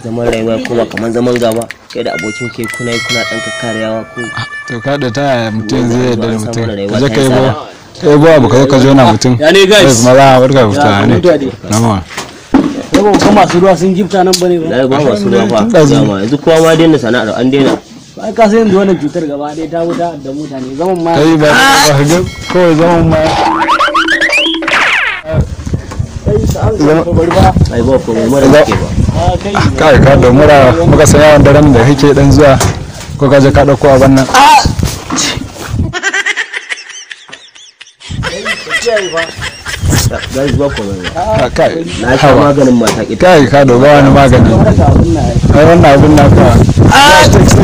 zaman rayuwa ko ba kamar zaman gaba kai da abokin kai kuna kuna dan kakkaryawa ko to ka da ta mutum zai yarda da mutum je kai ba kai ba ba kai ka zo na mutum ya ne guys kuma za a barka fita ne na'am ba ko masu ruwa sun gifta nan bane ba ba masu ruwa ba zama yanzu kowa ma daina sana'ar an daina ba ka sai yanzu wannan cutar gaba ɗaya ta wuta da mutane zaman ma kai ba ka ga kawai zaman ma kai ka da mura muka san yawan daren da kake dan zuwa ko ka je ka dauko nan ah, kai ka da ba wani magani wannan abin naka ah!